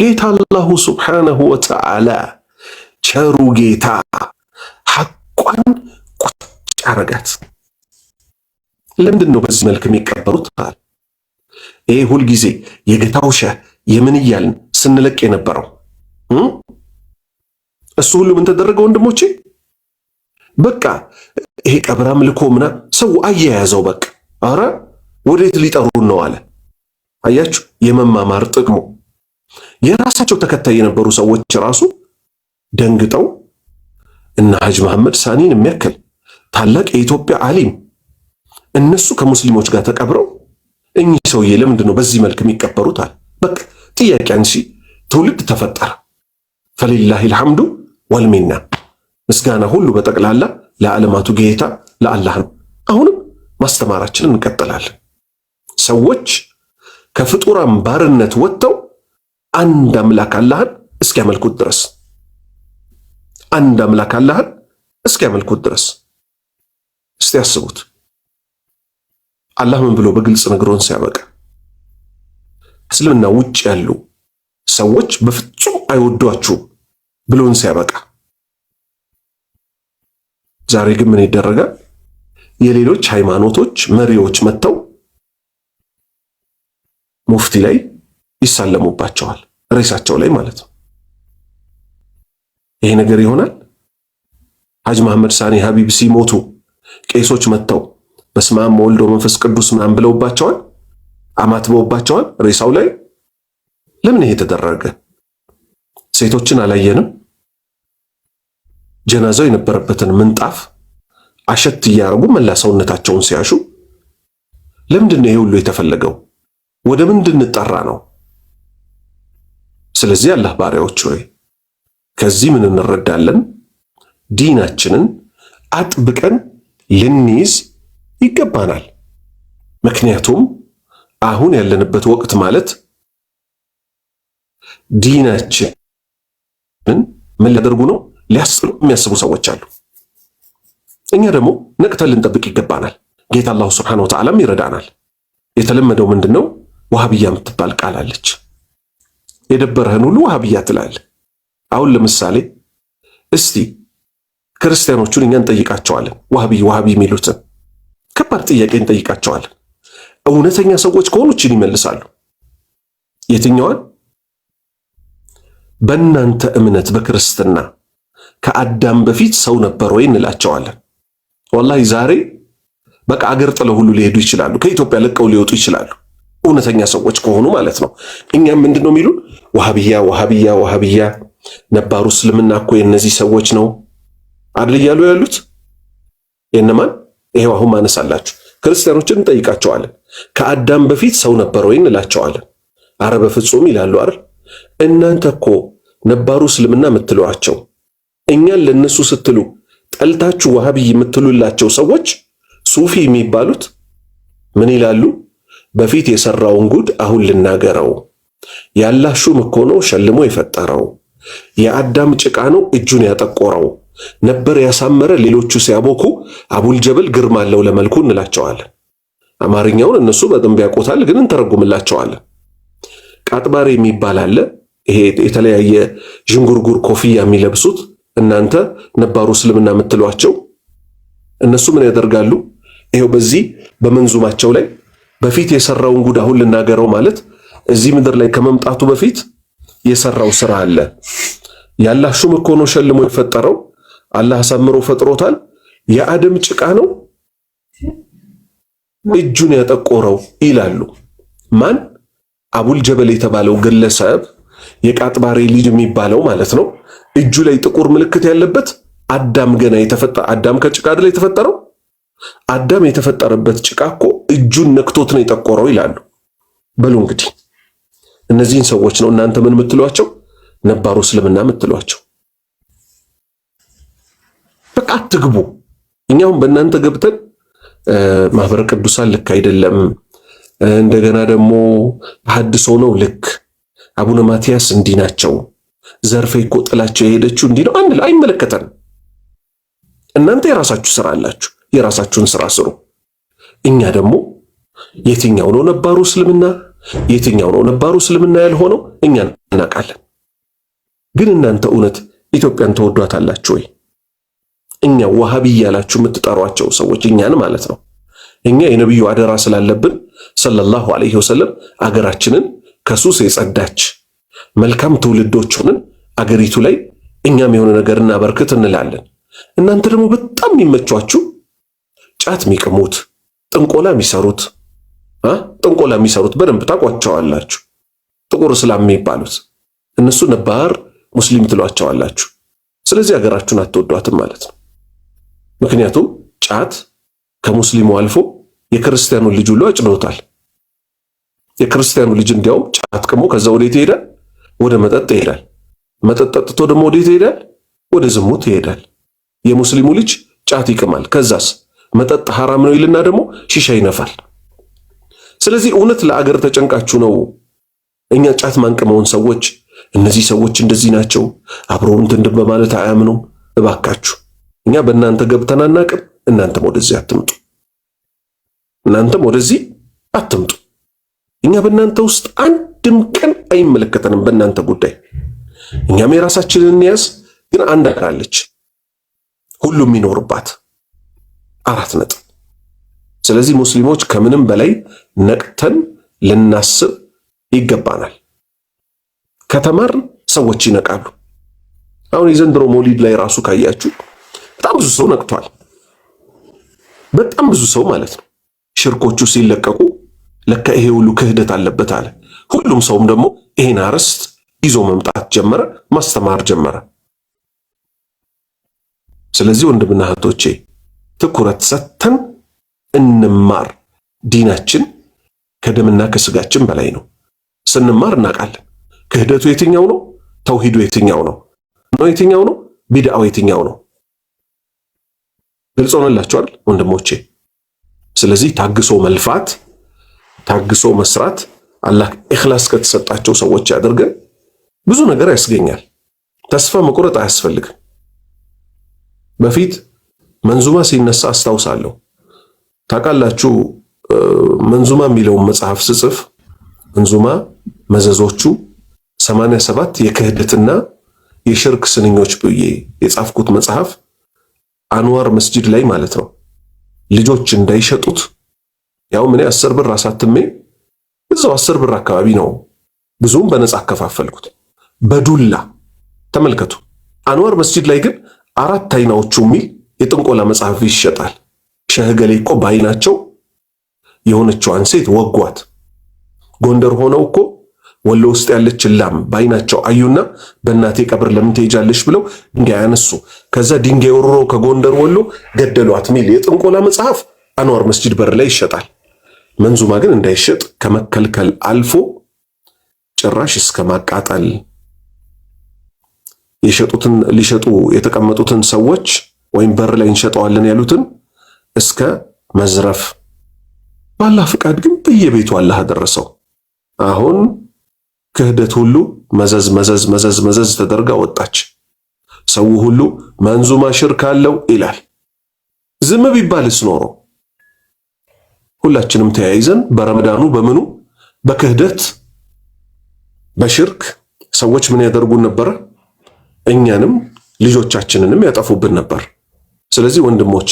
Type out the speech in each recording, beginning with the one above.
ጌታ አላሁ ሱብሓነሁ ወተዓላ ቸሩ ጌታ ሐቋን ቁጭ አረጋት። ለምንድን ነው በዚህ መልክ የሚቀበሩት? አለ ይሄ ሁልጊዜ የጌታ ውሸህ የምን እያልን ስንለቅ የነበረው እሱ ሁሉ ምን ተደረገ ወንድሞቼ? በቃ ይሄ ቀብር አምልኮ ምና ሰው አያያዘው። በቃ አረ ወዴት ሊጠሩን ነው አለ። አያችሁ የመማማር ጥቅሙ የራሳቸው ተከታይ የነበሩ ሰዎች ራሱ ደንግጠው እና ሐጅ መሐመድ ሳኒን የሚያክል ታላቅ የኢትዮጵያ አሊም እነሱ ከሙስሊሞች ጋር ተቀብረው እኚህ ሰውዬ ለምንድን ነው በዚህ መልክ የሚቀበሩታል? በቃ ጥያቄ አንሺ ትውልድ ተፈጠረ። ፈሊላሂ ልሐምዱ ወልሚና ምስጋና ሁሉ በጠቅላላ ለዓለማቱ ጌታ ለአላህ ነው። አሁንም ማስተማራችንን እንቀጥላለን። ሰዎች ከፍጡራን ባርነት ወጥተው አንድ አምላክ አላህን እስኪያመልኩት ድረስ አንድ አምላክ አላህን እስኪያመልኩት ድረስ። እስቲ ያስቡት አላህ ምን ብሎ በግልጽ ነግሮን ሲያበቃ እስልምና ውጭ ያሉ ሰዎች በፍጹም አይወዷችሁም ብሎን ሲያበቃ፣ ዛሬ ግን ምን ይደረጋል? የሌሎች ሃይማኖቶች መሪዎች መጥተው ሙፍቲ ላይ ይሳለሙባቸዋል። ሬሳቸው ላይ ማለት ነው። ይሄ ነገር ይሆናል። ሀጅ መሐመድ ሳኒ ሀቢብ ሲሞቱ ቄሶች መጥተው በስመ አብ ወወልድ ወመንፈስ ቅዱስ ምናምን ብለውባቸዋል፣ አማትበውባቸዋል ሬሳው ላይ። ለምን ይሄ ተደረገ? ሴቶችን አላየንም? ጀናዛው የነበረበትን ምንጣፍ አሸት እያረጉ መላ ሰውነታቸውን ሲያሹ ለምንድን ነው ይሄ ሁሉ የተፈለገው? ወደ ምን እንድንጠራ ነው? ስለዚህ አላህ ባሪያዎች ሆይ ከዚህ ምን እንረዳለን? ዲናችንን አጥብቀን ልንይዝ ይገባናል። ምክንያቱም አሁን ያለንበት ወቅት ማለት ዲናችንን ምን ሊያደርጉ ነው? ሊያስጥሉ የሚያስቡ ሰዎች አሉ። እኛ ደግሞ ነቅተን ልንጠብቅ ይገባናል። ጌታ አላሁ ስብሓነሁ ወተዓላም ይረዳናል። የተለመደው ምንድን ነው? ዋሃብያ የምትባል ቃል አለች። የደበረህን ሁሉ ውሃብያ ትላለህ። አሁን ለምሳሌ እስቲ ክርስቲያኖቹን እኛ እንጠይቃቸዋለን። ዋህቢ ዋህቢ የሚሉትን ከባድ ጥያቄ እንጠይቃቸዋለን። እውነተኛ ሰዎች ከሆኑ እችን ይመልሳሉ። የትኛዋን? በእናንተ እምነት በክርስትና ከአዳም በፊት ሰው ነበር ወይ እንላቸዋለን። ወላሂ ዛሬ በቃ አገር ጥለው ሁሉ ሊሄዱ ይችላሉ። ከኢትዮጵያ ለቀው ሊወጡ ይችላሉ። እውነተኛ ሰዎች ከሆኑ ማለት ነው። እኛም ምንድን ነው የሚሉን ዋሃብያ ዋሃብያ ዋሃብያ ነባሩ እስልምና እኮ የእነዚህ ሰዎች ነው አድል እያሉ ያሉት የእነማን ይሄው አሁን ማነሳላችሁ ክርስቲያኖችን እንጠይቃቸዋለን። ከአዳም በፊት ሰው ነበር ወይ እንላቸዋለን። አረ በፍጹም ይላሉ አይደል። እናንተ እኮ ነባሩ እስልምና የምትሏቸው እኛን ለነሱ ስትሉ ጠልታችሁ ወሃብ የምትሉላቸው ሰዎች ሱፊ የሚባሉት ምን ይላሉ? በፊት የሰራውን ጉድ አሁን ልናገረው ያላህ ሹም እኮ ነው ሸልሞ የፈጠረው። የአዳም ጭቃ ነው እጁን ያጠቆረው። ነበር ያሳመረ ሌሎቹ ሲያቦኩ፣ አቡልጀበል ግርማ አለው ለመልኩ እንላቸዋለን። አማርኛውን እነሱ በደንብ ያውቁታል፣ ግን እንተረጉምላቸዋለን። ቃጥባሬ የሚባል አለ። ይሄ የተለያየ ዥንጉርጉር ኮፍያ የሚለብሱት እናንተ ነባሩ እስልምና የምትሏቸው እነሱ ምን ያደርጋሉ? ይሄው በዚህ በመንዙማቸው ላይ በፊት የሰራውን ጉድ አሁን ልናገረው ማለት እዚህ ምድር ላይ ከመምጣቱ በፊት የሰራው ስራ አለ። የአላህ ሹም እኮ ነው ሸልሞ የፈጠረው። አላህ አሳምሮ ፈጥሮታል። የአደም ጭቃ ነው እጁን ያጠቆረው ይላሉ። ማን አቡል ጀበል የተባለው ግለሰብ የቃጥባሬ ልጅ የሚባለው ማለት ነው። እጁ ላይ ጥቁር ምልክት ያለበት አዳም ገና የተፈጠ አዳም ከጭቃ አይደል የተፈጠረው? አዳም የተፈጠረበት ጭቃ እኮ እጁን ነክቶት ነው የጠቆረው ይላሉ። በሉ እንግዲህ እነዚህን ሰዎች ነው እናንተ ምን የምትሏቸው? ነባሩ እስልምና የምትሏቸው። በቃ አትግቡ። እኛውም በእናንተ ገብተን ማህበረ ቅዱሳን ልክ አይደለም፣ እንደገና ደግሞ ተሐድሶ ነው ልክ አቡነ ማትያስ እንዲህ ናቸው፣ ዘርፌ እኮ ጥላቸው የሄደችው እንዲህ ነው አንል፣ አይመለከተን። እናንተ የራሳችሁ ስራ አላችሁ፣ የራሳችሁን ስራ ስሩ። እኛ ደግሞ የትኛው ነው ነባሩ እስልምና የትኛው ነው ነባሩ እስልምና ያልሆነው? እኛ እናውቃለን። ግን እናንተ እውነት ኢትዮጵያን ተወዷታላችሁ ወይ? እኛ ዋሃቢ እያላችሁ የምትጠሯቸው ሰዎች እኛን ማለት ነው። እኛ የነቢዩ አደራ ስላለብን ሰለላሁ ዐለይሂ ወሰለም አገራችንን ከሱስ የጸዳች መልካም ትውልዶች ሆነን አገሪቱ ላይ እኛም የሆነ ነገር እናበርክት እንላለን። እናንተ ደግሞ በጣም የሚመቿችሁ ጫት የሚቅሙት፣ ጥንቆላ የሚሰሩት ጥንቆላ የሚሰሩት በደንብ ታውቋቸዋላችሁ። ጥቁር እስላም የሚባሉት እነሱ ነባር ሙስሊም ትሏቸዋላችሁ። ስለዚህ ሀገራችሁን አትወዷትም ማለት ነው። ምክንያቱም ጫት ከሙስሊሙ አልፎ የክርስቲያኑን ልጅ ሁሉ አጭዶታል። የክርስቲያኑ ልጅ እንዲያውም ጫት ቅሞ ከዛ ወዴት ይሄዳል? ወደ መጠጥ ይሄዳል። መጠጥ ጠጥቶ ደግሞ ወዴት ይሄዳል? ወደ ዝሙት ይሄዳል። የሙስሊሙ ልጅ ጫት ይቅማል። ከዛስ መጠጥ ሐራም ነው ይልና ደግሞ ሺሻ ይነፋል። ስለዚህ እውነት ለአገር ተጨንቃችሁ ነው እኛ ጫት ማንቅመውን ሰዎች እነዚህ ሰዎች እንደዚህ ናቸው አብረው እንትን በማለት አያምኑ። እባካችሁ እኛ በእናንተ ገብተን አናቅም። እናንተም ወደዚህ አትምጡ፣ እናንተም ወደዚህ አትምጡ። እኛ በእናንተ ውስጥ አንድም ቀን አይመለከተንም በእናንተ ጉዳይ። እኛም የራሳችንን እንያዝ። ግን አንድ አለች ሁሉም ይኖርባት አራት ነጥብ ስለዚህ ሙስሊሞች ከምንም በላይ ነቅተን ልናስብ ይገባናል። ከተማርን ሰዎች ይነቃሉ። አሁን የዘንድሮ ሞሊድ ላይ ራሱ ካያችሁ በጣም ብዙ ሰው ነቅቷል። በጣም ብዙ ሰው ማለት ነው። ሽርኮቹ ሲለቀቁ ለካ ይሄ ሁሉ ክህደት አለበት አለ። ሁሉም ሰውም ደግሞ ይሄን አርዕስት ይዞ መምጣት ጀመረ፣ ማስተማር ጀመረ። ስለዚህ ወንድምና እህቶቼ ትኩረት ሰጥተን እንማር። ዲናችን ከደምና ከስጋችን በላይ ነው። ስንማር እናውቃለን። ክህደቱ የትኛው ነው? ተውሂዱ የትኛው ነው? ነው የትኛው ነው? ቢድአው የትኛው ነው? ግልጽ ሆነላችኋል ወንድሞቼ። ስለዚህ ታግሶ መልፋት፣ ታግሶ መስራት አላህ ኢኽላስ ከተሰጣቸው ሰዎች ያደርገን። ብዙ ነገር ያስገኛል። ተስፋ መቁረጥ አያስፈልግም። በፊት መንዙማ ሲነሳ አስታውሳለሁ። ታውቃላችሁ መንዙማ የሚለውን መጽሐፍ ስጽፍ መንዙማ መዘዞቹ 87 የክህደትና የሽርክ ስንኞች ብዬ የጻፍኩት መጽሐፍ አንዋር መስጂድ ላይ ማለት ነው ልጆች እንዳይሸጡት ያው ምን አስር ብር አሳትሜ እዛው አስር ብር አካባቢ ነው ብዙም በነጻ አከፋፈልኩት በዱላ ተመልከቱ። አንዋር መስጂድ ላይ ግን አራት አይናዎቹ የሚል የጥንቆላ መጽሐፍ ይሸጣል። ሸህገሌ እኮ በአይናቸው የሆነችዋን ሴት ወጓት። ጎንደር ሆነው እኮ ወሎ ውስጥ ያለች ላም በአይናቸው አዩና በእናቴ ቀብር ለምን ትሄጃለሽ ብለው ድንጋይ አነሱ። ከዛ ድንጋይ ወርሮ ከጎንደር ወሎ ገደሏት ሚል የጥንቆላ መጽሐፍ አንዋር መስጂድ በር ላይ ይሸጣል። መንዙማ ግን እንዳይሸጥ ከመከልከል አልፎ ጭራሽ እስከ ማቃጠል የሸጡትን ሊሸጡ የተቀመጡትን ሰዎች ወይም በር ላይ እንሸጠዋለን ያሉትን እስከ መዝረፍ። ባላህ ፍቃድ ግን በየቤቱ አላህ አደረሰው። አሁን ክህደት ሁሉ መዘዝ መዘዝ መዘዝ መዘዝ ተደርጋ ወጣች። ሰው ሁሉ መንዙማ ሽርክ አለው ይላል። ዝም ቢባልስ ኖሮ ሁላችንም ተያይዘን በረመዳኑ በምኑ በክህደት በሽርክ ሰዎች ምን ያደርጉን ነበር? እኛንም ልጆቻችንንም ያጠፉብን ነበር። ስለዚህ ወንድሞቼ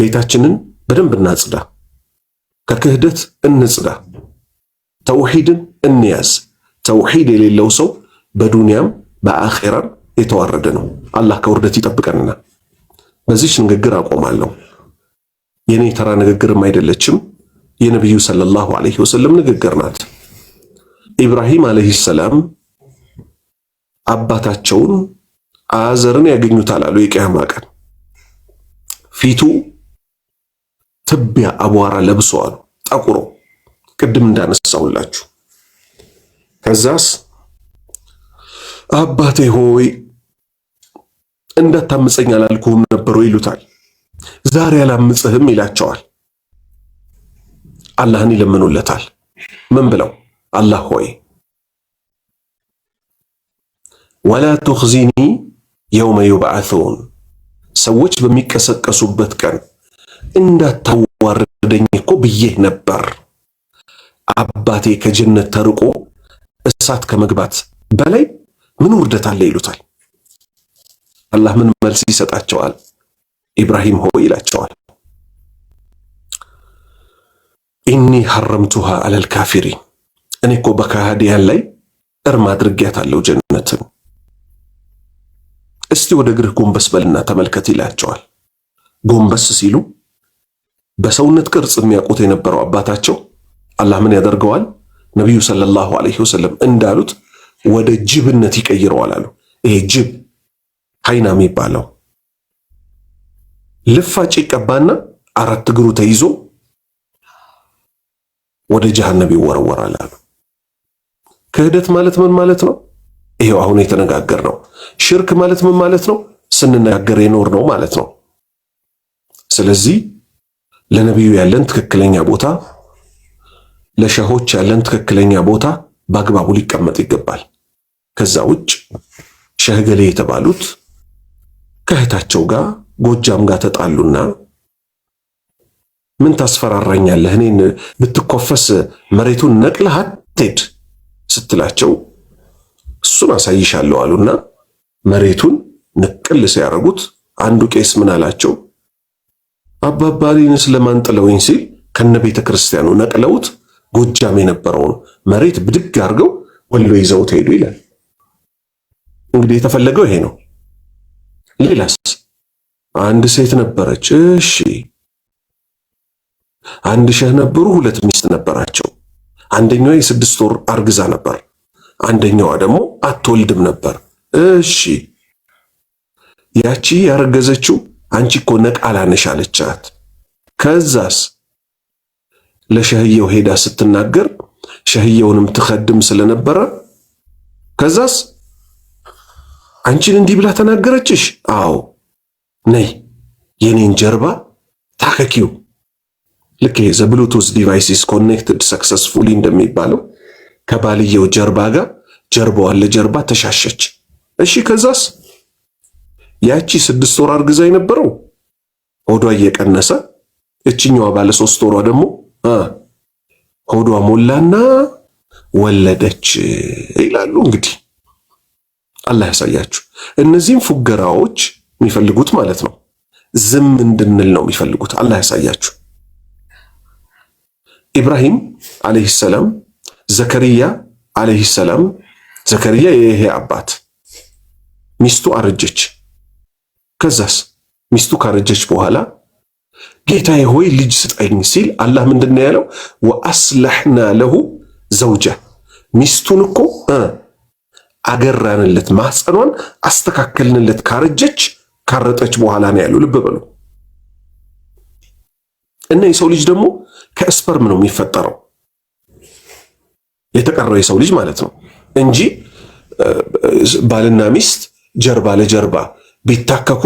ቤታችንን በደንብ እናጽዳ፣ ከክህደት እንጽዳ፣ ተውሂድን እንያዝ። ተውሂድ የሌለው ሰው በዱንያም በአኼራም የተዋረደ ነው። አላህ ከውርደት ይጠብቀንና በዚች ንግግር አቆማለሁ። የኔ ተራ ንግግርም አይደለችም። የነቢዩ ሰለላሁ ዐለይሂ ወሰለም ንግግር ናት። ኢብራሂም ዐለይሂ ሰላም አባታቸውን አዘርን ያገኙታል አሉ የቅያማ ቀን ፊቱ ትቢያ አቧራ ለብሰዋል ጠቁሮ ቅድም እንዳነሳውላችሁ። ከዛስ አባቴ ሆይ እንዳታምፀኝ አላልኩህም ነበሩ ይሉታል። ዛሬ አላምፅህም ይላቸዋል። አላህን ይለምኑለታል። ምን ብለው? አላህ ሆይ ወላ ቱኽዚኒ የውመ ዩብዓሱን ሰዎች በሚቀሰቀሱበት ቀን እንዳታዋርደኝ እኮ ብዬህ ነበር። አባቴ ከጀነት ተርቆ እሳት ከመግባት በላይ ምን ውርደት አለ ይሉታል። አላህ ምን መልስ ይሰጣቸዋል? ኢብራሂም ሆይ ይላቸዋል፣ ኢኒ ሐረምቱሃ አለል ካፊሪን፣ እኔ እኮ በካሃዲያን ላይ እርም አድርጌያታለሁ ጀነትን። እስቲ ወደ እግርህ ጎንበስ በልና ተመልከት ይላቸዋል። ጎንበስ ሲሉ በሰውነት ቅርጽ የሚያውቁት የነበረው አባታቸው አላህ ምን ያደርገዋል? ነቢዩ ሰለላሁ ዐለይሂ ወሰለም እንዳሉት ወደ ጅብነት ይቀይረዋል አሉ። ይሄ ጅብ ሀይና የሚባለው ልፋጭ ይቀባና አራት እግሩ ተይዞ ወደ ጀሃነም ይወረወራል አሉ። ክህደት ማለት ምን ማለት ነው? ይሄው አሁን የተነጋገር ነው። ሽርክ ማለት ምን ማለት ነው? ስንነጋገር የኖር ነው ማለት ነው። ስለዚህ ለነቢዩ ያለን ትክክለኛ ቦታ፣ ለሸሆች ያለን ትክክለኛ ቦታ በአግባቡ ሊቀመጥ ይገባል። ከዛ ውጭ ሸህ ገሌ የተባሉት ከእህታቸው ጋር ጎጃም ጋር ተጣሉና ምን ታስፈራራኛለህ? እኔን ብትኮፈስ መሬቱን ነቅለህ አትሄድ ስትላቸው እሱን አሳይሻለሁ አሉና መሬቱን ንቅል ሲያደርጉት አንዱ ቄስ ምን አላቸው? አባባሪን ስለማንጥለውኝ ሲል ከነ ቤተ ክርስቲያኑ ነቅለውት ጎጃም የነበረውን መሬት ብድግ አድርገው ወሎ ይዘውት ሄዱ ይላል። እንግዲህ የተፈለገው ይሄ ነው። ሌላስ አንድ ሴት ነበረች። እሺ አንድ ሸህ ነበሩ። ሁለት ሚስት ነበራቸው። አንደኛዋ የስድስት ወር አርግዛ ነበር። አንደኛዋ ደግሞ አትወልድም ነበር። እሺ ያቺ ያረገዘችው አንቺ እኮ ነቃላነሽ አለቻት። ከዛስ ለሸህየው ሄዳ ስትናገር ሸህየውንም ትኸድም ስለነበረ ከዛስ አንቺን እንዲህ ብላ ተናገረችሽ? አዎ ነይ የኔን ጀርባ ታከኪው። ልክ ዘ ዲቫይስስ ኮኔክትድ ሰክሰስፉሊ እንደሚባለው ከባልየው ጀርባ ጋር ጀርባዋን ለጀርባ ተሻሸች። እሺ ከዛስ ያቺ ስድስት ወር አርግዛ የነበረው ሆዷ እየቀነሰ እችኛዋ ባለ ሶስት ወሯ ደግሞ ሆዷ ሞላና ወለደች ይላሉ። እንግዲህ አላህ ያሳያችሁ። እነዚህም ፉገራዎች የሚፈልጉት ማለት ነው ዝም እንድንል ነው የሚፈልጉት። አላህ ያሳያችሁ። ኢብራሂም አለይሂ ሰላም፣ ዘከርያ አለይሂ ሰላም፣ ዘከርያ የይሄ አባት ሚስቱ አረጀች። ከዛስ ሚስቱ ካረጀች በኋላ ጌታዬ ሆይ ልጅ ስጠኝ ሲል አላህ ምንድን ነው ያለው? ወአስለሕና ለሁ ዘውጀ ሚስቱን እኮ አገራንለት፣ ማህፀኗን አስተካከልንለት። ካረጀች ካረጠች በኋላ ነው ያለው። ልብ በሉ እና የሰው ልጅ ደግሞ ከእስፐርም ነው የሚፈጠረው የተቀረው የሰው ልጅ ማለት ነው እንጂ ባልና ሚስት ጀርባ ለጀርባ ቢታከኩ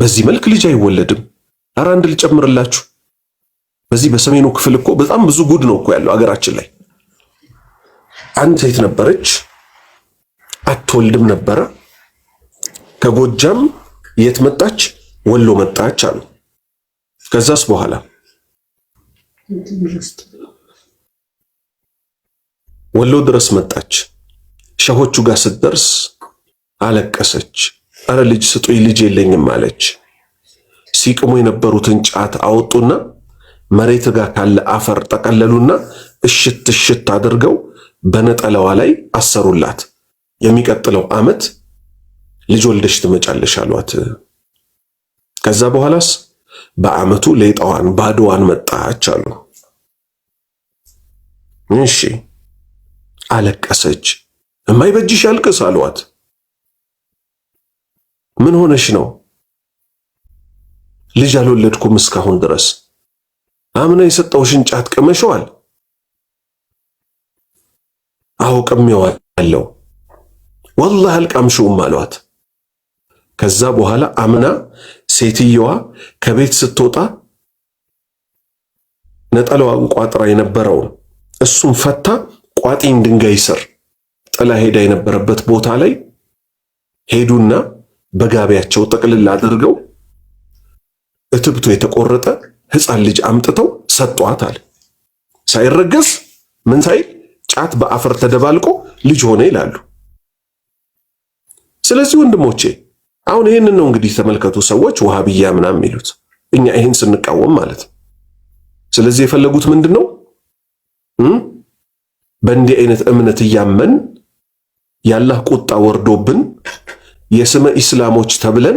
በዚህ መልክ ልጅ አይወለድም። አራ አንድ ልጨምርላችሁ። በዚህ በሰሜኑ ክፍል እኮ በጣም ብዙ ጉድ ነው እኮ ያለው አገራችን ላይ። አንድ ሴት ነበረች፣ አትወልድም ነበረ። ከጎጃም የት መጣች? ወሎ መጣች አሉ። ከዛስ በኋላ ወሎ ድረስ መጣች። ሸሆቹ ጋር ስትደርስ አለቀሰች። ኧረ ልጅ ስጡኝ ልጅ የለኝም አለች። ሲቅሙ የነበሩትን ጫት አወጡና መሬት ጋር ካለ አፈር ጠቀለሉና እሽት እሽት አድርገው በነጠላዋ ላይ አሰሩላት። የሚቀጥለው ዓመት ልጅ ወልደሽ ትመጫለሽ አሏት። ከዛ በኋላስ በዓመቱ ሌጣዋን ባዶዋን መጣች አሉ። እሺ አለቀሰች። የማይበጅሽ ያልቅስ አሏት። ምን ሆነሽ ነው? ልጅ አልወለድኩም እስካሁን ድረስ። አምና የሰጠውሽን ጫት ቅመሸዋል? አዎ ቅሜዋለሁ። ወላሂ አልቃምሽውም አሏት። ከዛ በኋላ አምና ሴትየዋ ከቤት ስትወጣ ነጠላዋን ቋጥራ የነበረውን እሱም ፈታ ቋጢን ድንጋይ ስር ጥላ ሄዳ የነበረበት ቦታ ላይ ሄዱና በጋቢያቸው ጠቅልል አድርገው እትብቱ የተቆረጠ ህፃን ልጅ አምጥተው ሰጧት አለ። ሳይረገዝ ምን ሳይል ጫት በአፈር ተደባልቆ ልጅ ሆነ ይላሉ። ስለዚህ ወንድሞቼ አሁን ይህንን ነው እንግዲህ ተመልከቱ። ሰዎች ውሃብያ ምናምን የሚሉት እኛ ይህን ስንቃወም ማለት ነው። ስለዚህ የፈለጉት ምንድን ነው? በእንዲህ አይነት እምነት እያመን የአላህ ቁጣ ወርዶብን የስመ ኢስላሞች ተብለን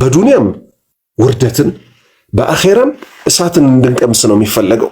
በዱንያም ውርደትን በአኼራም እሳትን እንድንቀምስ ነው የሚፈለገው።